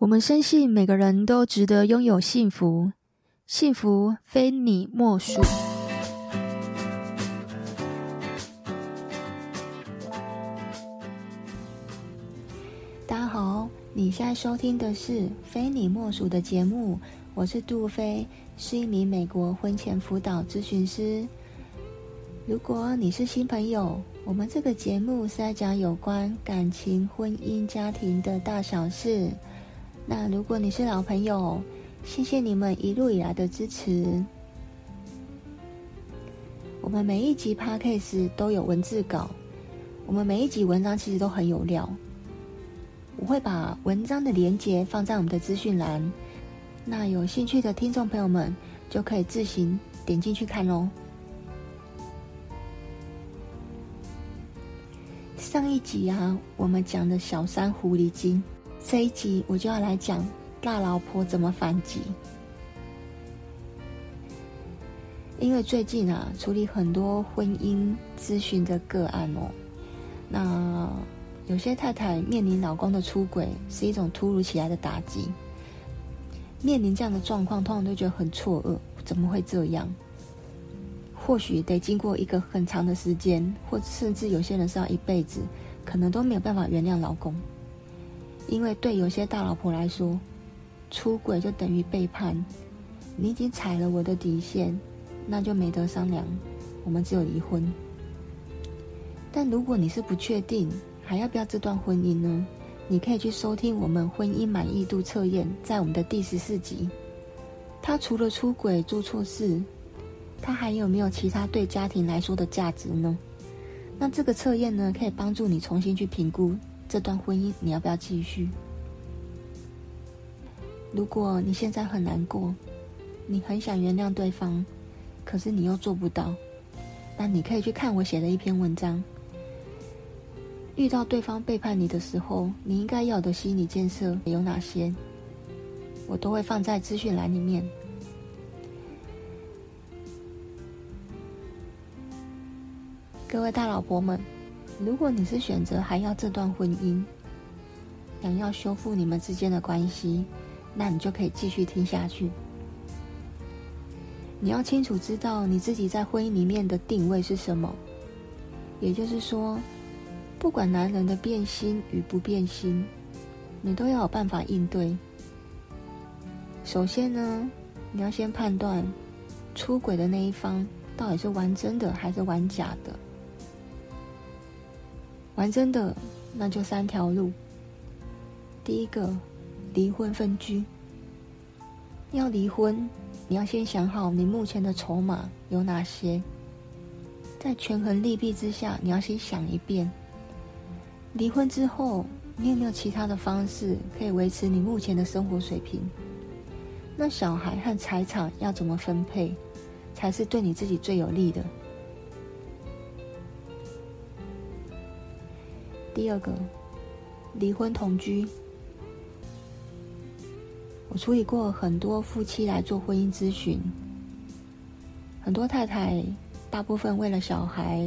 我們深信每個人都值得擁有幸福，幸福非你莫屬。大家好，你現在收聽的是《菲妳莫屬》的節目，我是杜菲，是一名美國婚前輔導諮詢師。如果你是新朋友，我們這個節目是在講有關感情、婚姻、家庭的大小事。那如果你是老朋友，謝謝你們一路以來的支持。我們每一集 Podcast 都有文字稿，我們每一集文章其實都很有料。我會把文章的連結放在我們的資訊欄，那有興趣的聽眾朋友們就可以自行點進去看嘍。上一集啊，我們講的小三狐狸精。這一集我就要來講大老婆怎麼反擊，因為最近啊，處理很多婚姻諮詢的個案哦。那有些太太面臨老公的出軌，是一種突如其來的打擊。面臨這樣的狀況，通常都覺得很錯愕，怎麼會這樣？或許得經過一個很長的時間，或者甚至有些人是要一輩子，可能都沒有辦法原諒老公。因為對有些大老婆來說，出軌就等於背叛。你已經踩了我的底線，那就沒得商量，我們只有離婚。但如果你是不確定還要不要這段婚姻呢？你可以去收聽我們婚姻滿意度測驗，在我們的第十四集。他除了出軌做錯事，他還有沒有其他對家庭來說的價值呢？那這個測驗呢，可以幫助你重新去評估。這段婚姻你要不要繼續？如果你現在很難過，你很想原諒對方，可是你又做不到，那你可以去看我寫的一篇文章。遇到對方背叛你的時候，你應該要的心理建設有哪些？我都會放在資訊欄裡面。各位大老婆們。如果你是選擇還要這段婚姻，想要修復你們之間的關係，那你就可以繼續聽下去。你要清楚知道你自己在婚姻裡面的定位是什麼。也就是說，不管男人的變心與不變心，你都要有辦法應對。首先呢，你要先判斷出軌的那一方到底是玩真的還是玩假的。玩真的，那就三條路。第一個，離婚分居。要離婚，你要先想好你目前的籌碼有哪些，在權衡利弊之下，你要先想一遍。離婚之後，你有沒有其他的方式可以維持你目前的生活水平？那小孩和財產要怎麼分配，才是對你自己最有利的。第二個，離婚同居。我處理過很多夫妻來做婚姻諮詢，很多太太大部分為了小孩，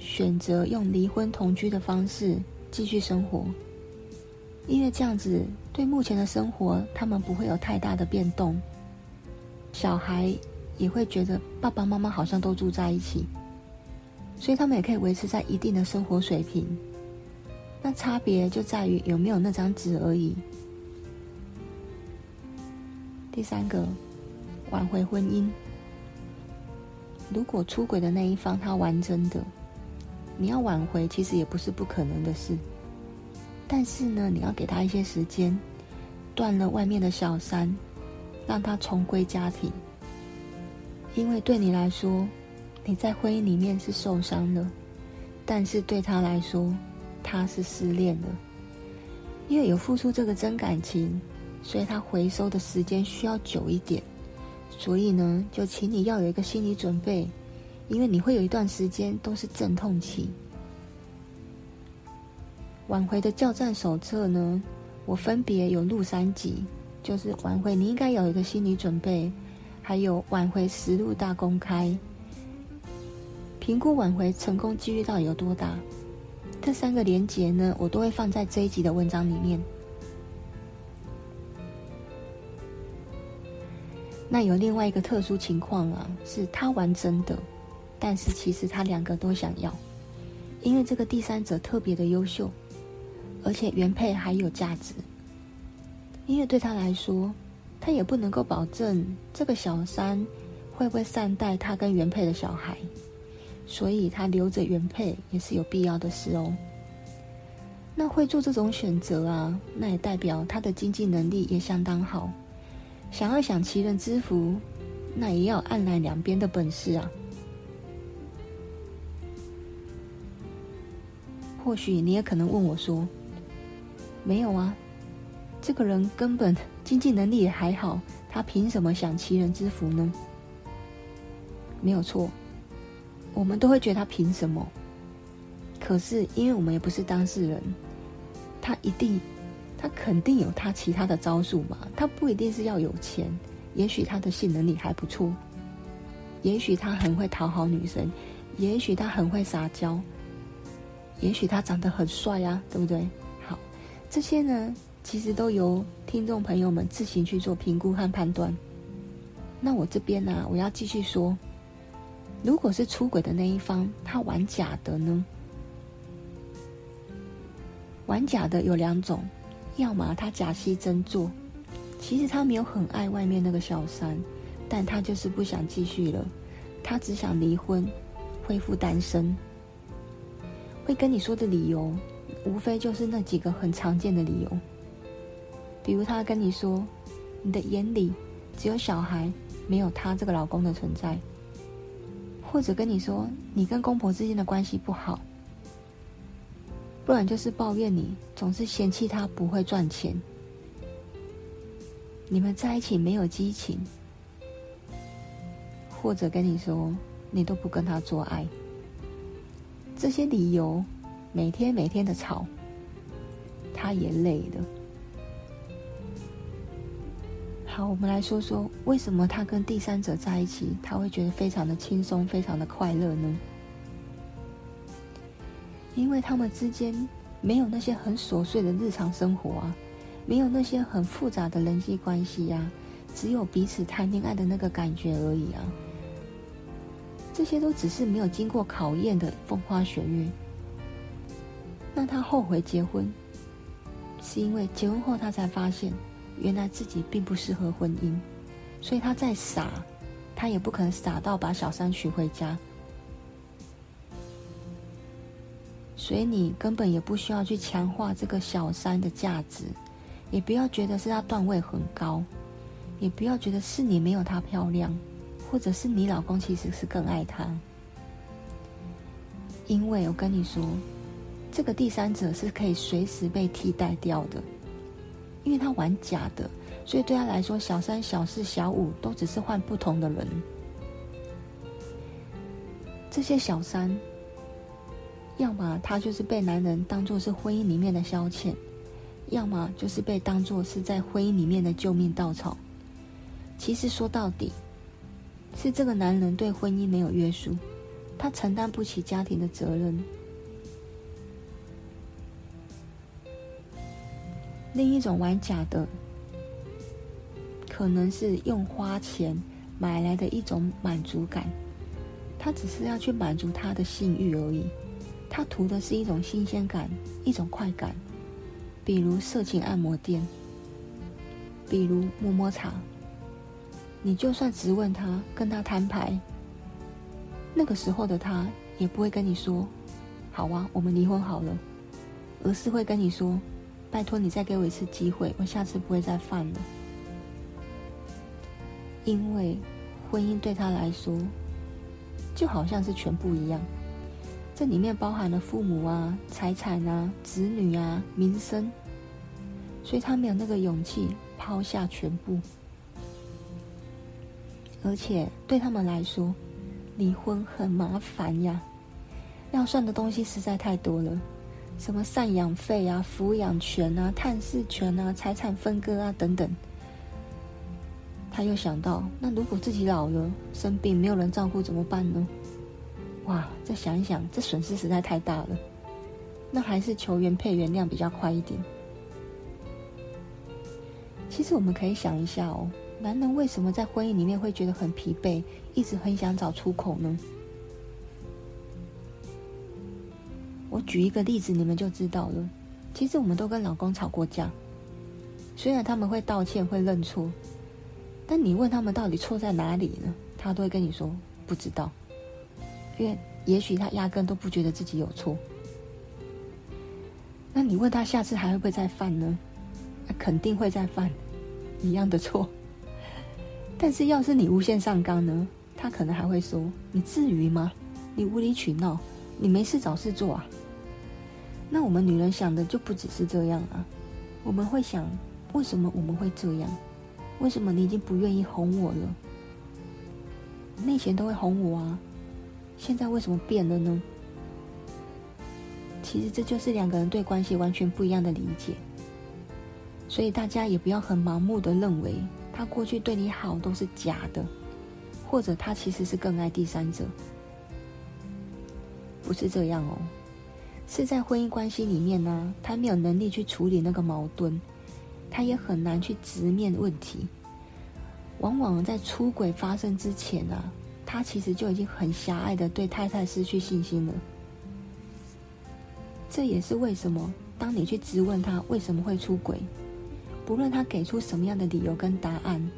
選擇用離婚同居的方式繼續生活，因為這樣子對目前的生活他們不會有太大的變動，小孩也會覺得爸爸媽媽好像都住在一起，所以他們也可以維持在一定的生活水平。那差別就在於有沒有那張紙而已。第三個，挽回婚姻，如果出軌的那一方他玩真的，你要挽回其實也不是不可能的事。但是呢，你要給他一些時間，斷了外面的小三，讓他重歸家庭。因為對你來說，你在婚姻裡面是受傷的，但是對他來說，他是失戀的，因為有付出這個真感情，所以他回收的時間需要久一點。所以呢，就請你要有一個心理準備，因為你會有一段時間都是陣痛期。挽回的教戰手冊呢，我分別有錄三集，就是挽回你應該有一個心理準備，還有挽回實錄大公開，評估挽回成功幾率到底有多大。這三個連結呢，我都會放在這一集的文章裡面。那有另外一個特殊情況啊，是他玩真的，但是其實他兩個都想要，因為這個第三者特別的優秀，而且原配還有價值。因為對他來說，他也不能夠保證這個小三會不會善待他跟原配的小孩。所以他留着原配也是有必要的事哦。那會做這種選擇啊，那也代表他的經濟能力也相當好。想要享齊人之福，那也要按來兩邊的本事啊。或許你也可能問我說：“沒有啊，這個人根本經濟能力也還好，他憑什麼享齊人之福呢？”沒有錯。我們都會覺得他憑什麼？可是，因為我們也不是當事人，他一定，他肯定有他其他的招數嘛。他不一定是要有錢，也許他的性能力還不錯，也許他很會討好女生，也許他很會撒嬌，也許他長得很帥啊，對不對？好，這些呢，其實都由聽眾朋友們自行去做評估和判斷。那我這邊呢、啊，我要繼續說。如果是出軌的那一方，他玩假的呢？玩假的有兩種，要麼他假戲真做，其實他沒有很愛外面那個小三，但他就是不想繼續了，他只想離婚，恢復單身。會跟你說的理由，無非就是那幾個很常見的理由，比如他跟你說，你的眼裡只有小孩，沒有他這個老公的存在。或者跟你說，你跟公婆之間的關係不好，不然就是抱怨你總是嫌棄他不會賺錢，你們在一起沒有激情，或者跟你說你都不跟他做愛，這些理由每天每天的吵，他也累了。好，我們來說說為什麼他跟第三者在一起，他會覺得非常的輕鬆，非常的快樂呢？因為他們之間沒有那些很瑣碎的日常生活啊，沒有那些很複雜的人際關係呀、啊，只有彼此談戀愛的那個感覺而已啊。這些都只是沒有經過考驗的風花雪月。那他後悔結婚，是因為結婚後他才發現。原來自己並不適合婚姻，所以他再傻，他也不可能傻到把小三娶回家。所以你根本也不需要去強化這個小三的價值，也不要覺得是她段位很高，也不要覺得是你沒有她漂亮，或者是你老公其實是更愛她。因為我跟你說，這個第三者是可以隨時被替代掉的。因為他玩假的，所以對他來說，小三、小四、小五都只是換不同的人。這些小三，要麼他就是被男人當做是婚姻裡面的消遣，要麼就是被當做是在婚姻裡面的救命稻草。其實說到底，是這個男人對婚姻沒有約束，他承擔不起家庭的責任。另一種玩假的，可能是用花錢買來的一種滿足感，他只是要去滿足他的性欲而已，他圖的是一種新鮮感、一種快感，比如色情按摩店，比如摸摸茶，你就算質問他、跟他攤牌，那個時候的他也不會跟你說“好啊，我們離婚好了”，而是會跟你說。拜託你再給我一次機會，我下次不會再犯了。因為婚姻對他來說就好像是全部一樣，這裡面包含了父母啊、財產啊、子女啊、名聲，所以他沒有那個勇氣拋下全部。而且對他們來說，離婚很麻煩呀，要算的東西實在太多了。什麼贍養費啊、撫養權啊、探視權啊、財產分割啊等等，他又想到，那如果自己老了生病，沒有人照顧怎麼辦呢？哇，再想一想，這損失實在太大了，那還是求原配原諒比較快一點。其實我們可以想一下哦，男人為什麼在婚姻裡面會覺得很疲憊，一直很想找出口呢？我舉一個例子，你們就知道了。其實我們都跟老公吵過架，雖然他們會道歉、會認錯，但你問他們到底錯在哪裡呢？他都會跟你說不知道，因為也許他壓根都不覺得自己有錯。那你問他下次還會不會再犯呢？肯定會再犯一樣的錯。但是要是你無限上綱呢，他可能還會說：“你至於嗎？你無理取鬧，你沒事找事做啊！”那我們女人想的就不只是這樣啊，我們會想，為什麼我們會這樣？為什麼你已經不願意哄我了？你以前都會哄我啊，現在為什麼變了呢？其實這就是兩個人對關係完全不一樣的理解，所以大家也不要很盲目的認為他過去對你好都是假的，或者他其實是更愛第三者，不是這樣哦。是在婚姻關係裡面呢，他沒有能力去處理那個矛盾，他也很難去直面問題。往往在出軌發生之前啊，他其實就已經很狹隘的對太太失去信心了。這也是為什麼，當你去質問他為什麼會出軌，不論他給出什麼樣的理由跟答案，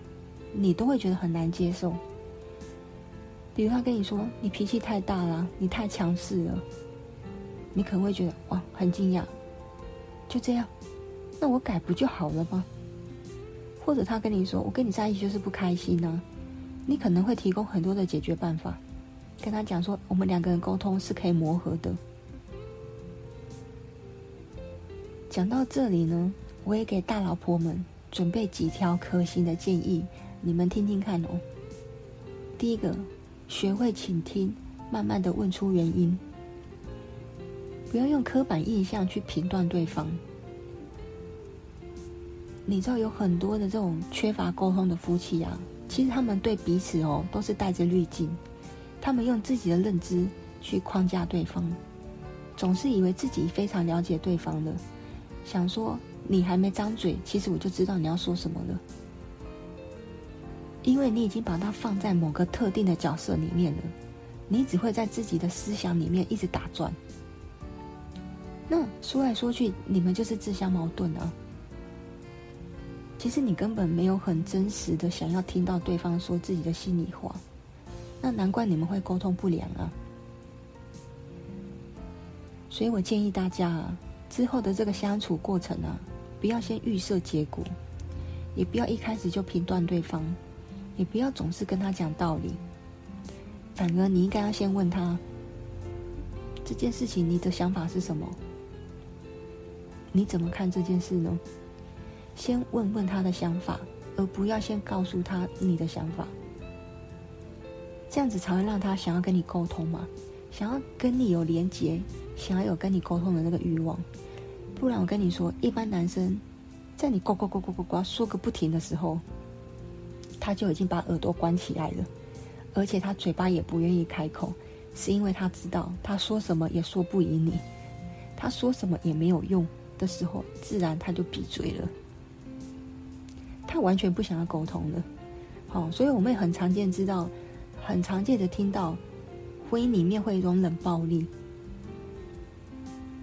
你都會覺得很難接受。比如他跟你說：“你脾氣太大了，你太強勢了。”你可能會覺得哇，很驚訝，就這樣，那我改不就好了嗎？或者他跟你說，我跟你在一起就是不開心啊，你可能會提供很多的解決辦法，跟他講說，我們兩個人溝通是可以磨合的。講到這裡呢，我也給大老婆們準備幾條可行的建議，你們聽聽看哦。第一個，學會傾聽，慢慢的問出原因。不要用刻板印象去評斷對方。你知道有很多的這種缺乏溝通的夫妻啊，其實他們對彼此哦都是帶着濾鏡，他們用自己的認知去框架對方，總是以為自己非常了解對方了，想說你還沒張嘴，其實我就知道你要說什麼了，因為你已經把它放在某個特定的角色裡面了，你只會在自己的思想裡面一直打轉。那說來說去，你們就是自相矛盾啊。其實你根本沒有很真實的想要聽到對方說自己的心裡話，那難怪你們會溝通不良啊。所以我建議大家啊，之後的這個相處過程啊，不要先預設結果，也不要一開始就評斷對方，也不要總是跟他講道理，反而你應該要先問他這件事情，你的想法是什麼？你怎麼看這件事呢？先問問他的想法，而不要先告訴他你的想法。這樣子才會讓他想要跟你溝通嘛，想要跟你有連結，想要有跟你溝通的那個慾望。不然，我跟你說，一般男生在你呱呱呱呱呱呱說個不停的時候，他就已經把耳朵關起來了，而且他嘴巴也不願意開口，是因為他知道他說什麼也說不贏你，他說什麼也沒有用。的時候，自然他就閉嘴了。他完全不想要溝通了，好、哦，所以我們也很常見知道，很常見的聽到，婚姻裡面會有一種冷暴力。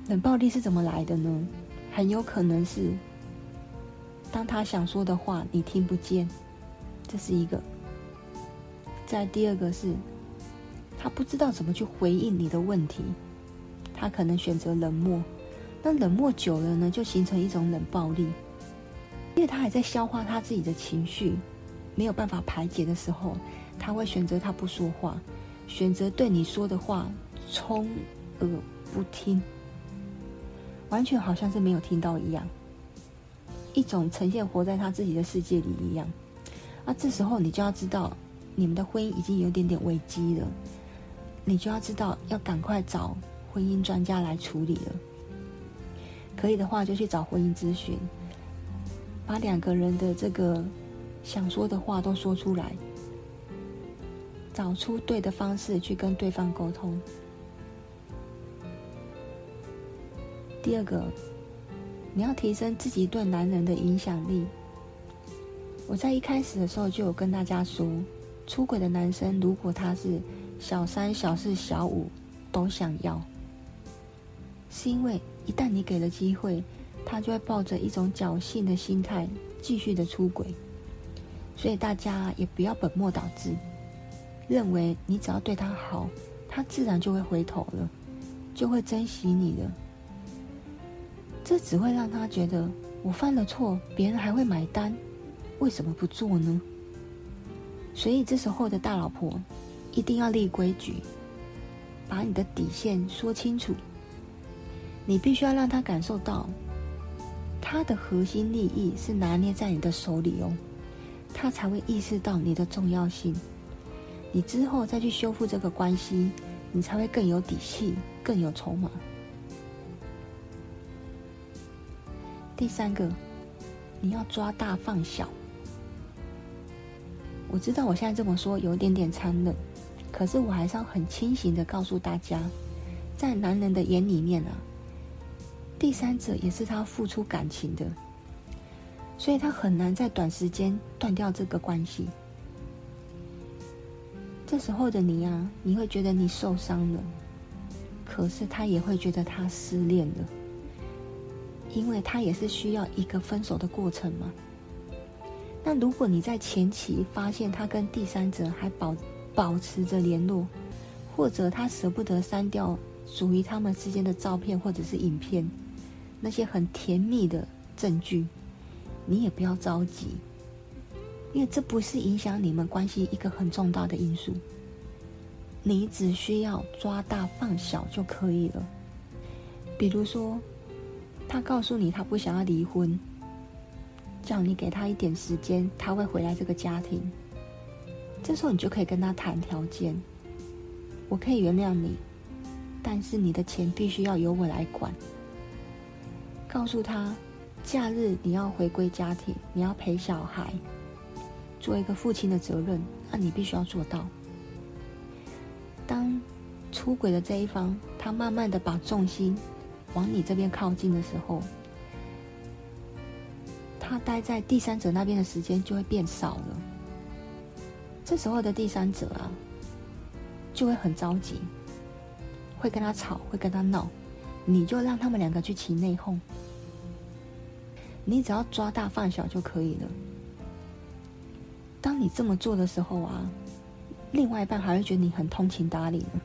冷暴力是怎麼來的呢？很有可能是，當他想說的話你聽不見，這是一個。再第二個是，他不知道怎麼去回應你的問題，他可能選擇冷漠。那冷漠久了呢，就形成一種冷暴力，因為他還在消化他自己的情緒，沒有辦法排解的時候，他會選擇他不說話，選擇對你說的話充耳不聽，完全好像是沒有聽到一樣，一種呈現活在他自己的世界裡一樣。那這時候你就要知道，你們的婚姻已經有點點危機了，你就要知道要趕快找婚姻專家來處理了。可以的話，就去找婚姻諮詢，把兩個人的這個想說的話都說出來，找出對的方式去跟對方溝通。第二個，你要提升自己對男人的影響力。我在一開始的時候就有跟大家說，出軌的男生如果他是小三、小四、小五都想要，是因為。一旦你給了機會，他就會抱着一種僥倖的心態繼續的出軌，所以大家也不要本末倒置，認為你只要對他好，他自然就會回頭了，就會珍惜你的。這只會讓他覺得我犯了錯，別人還會買單，為什麼不做呢？所以這時候的大老婆一定要立規矩，把你的底線說清楚。你必須要讓他感受到，他的核心利益是拿捏在你的手裡哦，他才會意識到你的重要性。你之後再去修復這個關係，你才會更有底氣、更有籌碼。第三個，你要抓大放小。我知道我現在這麼說有一點點殘忍，可是我還是要很清醒的告訴大家，在男人的眼裡面啊。第三者也是他付出感情的，所以他很難在短時間斷掉這個關係。這時候的你啊，你會覺得你受傷了，可是他也會覺得他失戀了，因為他也是需要一個分手的過程嘛。那如果你在前期發現他跟第三者還保保持着聯絡，或者他舍不得刪掉屬於他們之間的照片或者是影片，那些很甜蜜的證據，你也不要着急，因為這不是影響你們關係一個很重大的因素。你只需要抓大放小就可以了。比如說，他告訴你他不想要離婚，叫你給他一點時間，他會回來這個家庭。這時候你就可以跟他談條件：我可以原諒你，但是你的錢必須要由我來管。告訴他，假日你要回歸家庭，你要陪小孩，做一個父親的責任，那、啊、你必須要做到。當出軌的這一方，他慢慢的把重心往你這邊靠近的時候，他待在第三者那邊的時間就會變少了。這時候的第三者啊，就會很着急，會跟他吵，會跟他鬧，你就讓他們兩個去起內訌。你只要抓大放小就可以了。當你這麼做的時候啊，另外一半還會覺得你很通情達理呢。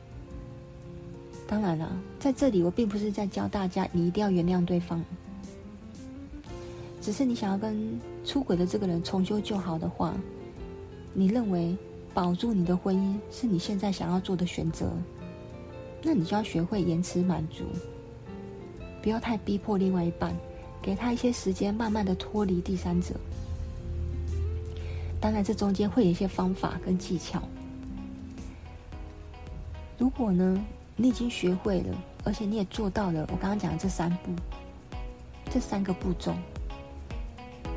當然啦，在這裡我並不是在教大家你一定要原諒對方，只是你想要跟出軌的這個人重修舊好的話，你認為保住你的婚姻是你現在想要做的選擇，那你就要學會延遲滿足，不要太逼迫另外一半。給他一些時間，慢慢的脫離第三者。當然，這中間會有一些方法跟技巧。如果呢，你已經學會了，而且你也做到了我剛剛講的這三步，這三個步驟，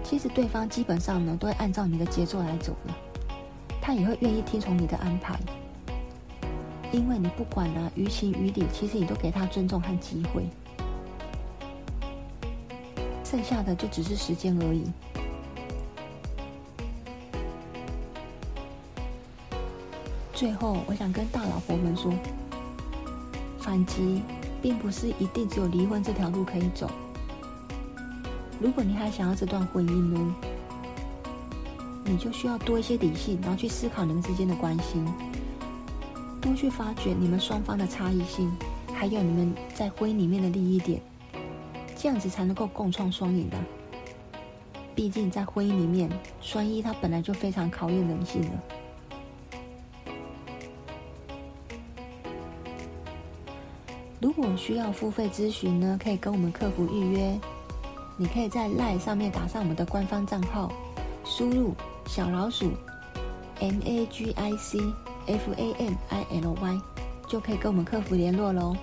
其實對方基本上呢，都會按照你的節奏來走了，他也會願意聽從你的安排，因為你不管啊，於情於理，其實你都給他尊重和機會。剩下的就只是時間而已。最後，我想跟大老婆們說，反擊並不是一定只有離婚這條路可以走。如果你還想要這段婚姻呢，你就需要多一些理性，然後去思考你們之間的關係，多去發掘你們雙方的差異性，還有你們在婚姻裡面的利益點。這樣子才能夠共創雙贏的。畢竟在婚姻裡面，雙一它本來就非常考驗人性了。如果需要付費諮詢呢，可以跟我們客服預約。你可以在 LINE 上面打上我們的官方賬號，輸入“小老鼠 ”，MAGIC FAMILY，就可以跟我們客服聯絡嘍。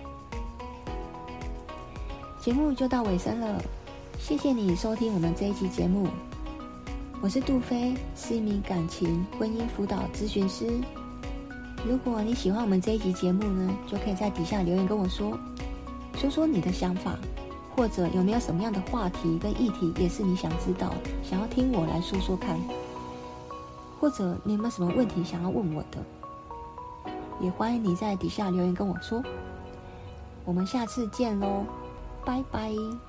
節目就到尾聲了，謝謝你收聽我們這一集節目。我是杜菲，是一名感情婚姻輔導諮詢師。如果你喜歡我們這一集節目呢，就可以在底下留言跟我說，說說你的想法，或者有沒有什麼樣的話題跟議題也是你想知道，想要聽我來說說看，或者你有沒有什麼問題想要問我的，也歡迎你在底下留言跟我說。我們下次見嘍！拜拜。